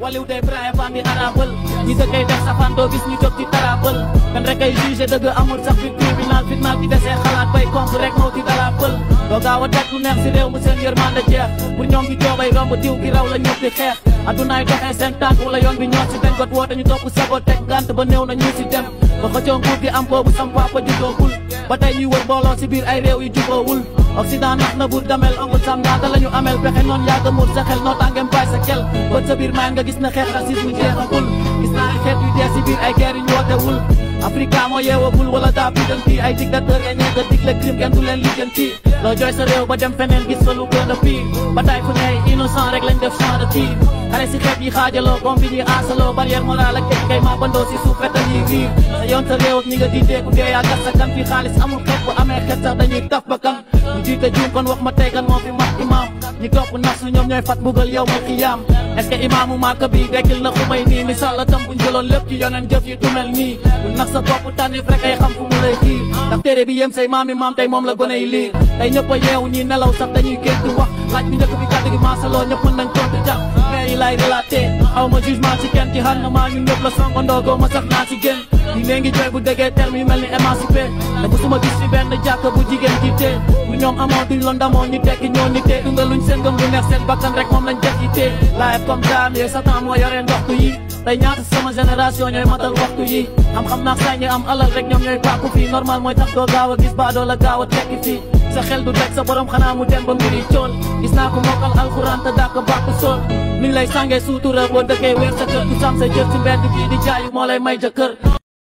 waliw day braille femme yi arabal ñi dëkkay def safaan doo gis ñu jóg ci tarabal kan rek ay jugé dëgg amul sax fi tribunal fitnaal di desee xalaat bay komp rek moo ci dalapal doo gaaw a teg lu neex si réew mu seen yërmande jeex pour ñoom gi joobay romb diw gi raw la ñëpp di xeex adunaay doxee seen tànk wala yoon bi ñoo si dengot woote ñu topp sago teg gant ba néew na ñu si dem ba xëccoo nguur gi am boobu sam papa judoogul ba tey ñuy wër mbooloo si biir ay réew yu juboowul Occident nax na buur damel amul sàndaata la ñu amel pexe noonu yàgg muur sa xel noo tàngeem bàyyi sa kel bët sa biir maan nga gis na xeex racisme jeexagul gis naa ay xeet yu dee si biir ay guerre yu ñu wootewul africa moo yeewagul wala daa bidanti ay dictateur e ñee nga digle crime kenn du leen lijjanti loo jooy sa réew ba dem gis fa lu gën a pii bataay fu ne innocent de tir xale si xeet yi xaajaloo bombi yi aasaloo barrière morale ak kay maa bandoo si suuf fetal yi wiir sa yoon sa nga diiteeku dee yaa gas sa kan fi xaalis amul xeet bu amee xeet sax jiite juum kon wax ma tey kan moo fi mat imaam ñi topp nafsu ñoom ñooy fat mbugal yow ma xiyaam est-ce que imaamu dekkil na xumay nii misaal la tam bu lépp ci yoneen jëf yi du mel nii bu sa bopp tànnif rek ay fu mu lay kii ndax téere bi yem say maam i maam tey moom la gone yi lii tey ñëpp a nelaw sax dañuy génn wax laaj bi njëkk bi kàddu gi maasaloo yi laay relaté aw ma jugement ci kenn ci xarnamaa ñun ñëpp la songandoo goo ma sax naa si gën ñi nee ngi jooy bu déggee terme yi mel ni émancipé da musuma gis ci benn jàkka bu jigéen ji tee lu ñoom amoon duñ loon damoo ñu tekki ñoo ni tee dunga luñ seen gëm neex seen bakkan rek moom lañ def yi tee live comme dame yooyu satan moo ndoxtu yi tey ñaata sama génération ñooy matal waxtu yi xam-xam naa sañ ñu am alal rek ñoom ñooy pàkku fii normal mooy tax doo gaaw a a sa xel du daj sa borom xanaa mu dem ba mbiri coon gis naa ko mokkal alxuraan te dàq bàkk soon mi lay sàngee suutura boo dëkkee weer sa kër ku sam sa jëf ci mbedd bii di jaayu moo lay may jëkkër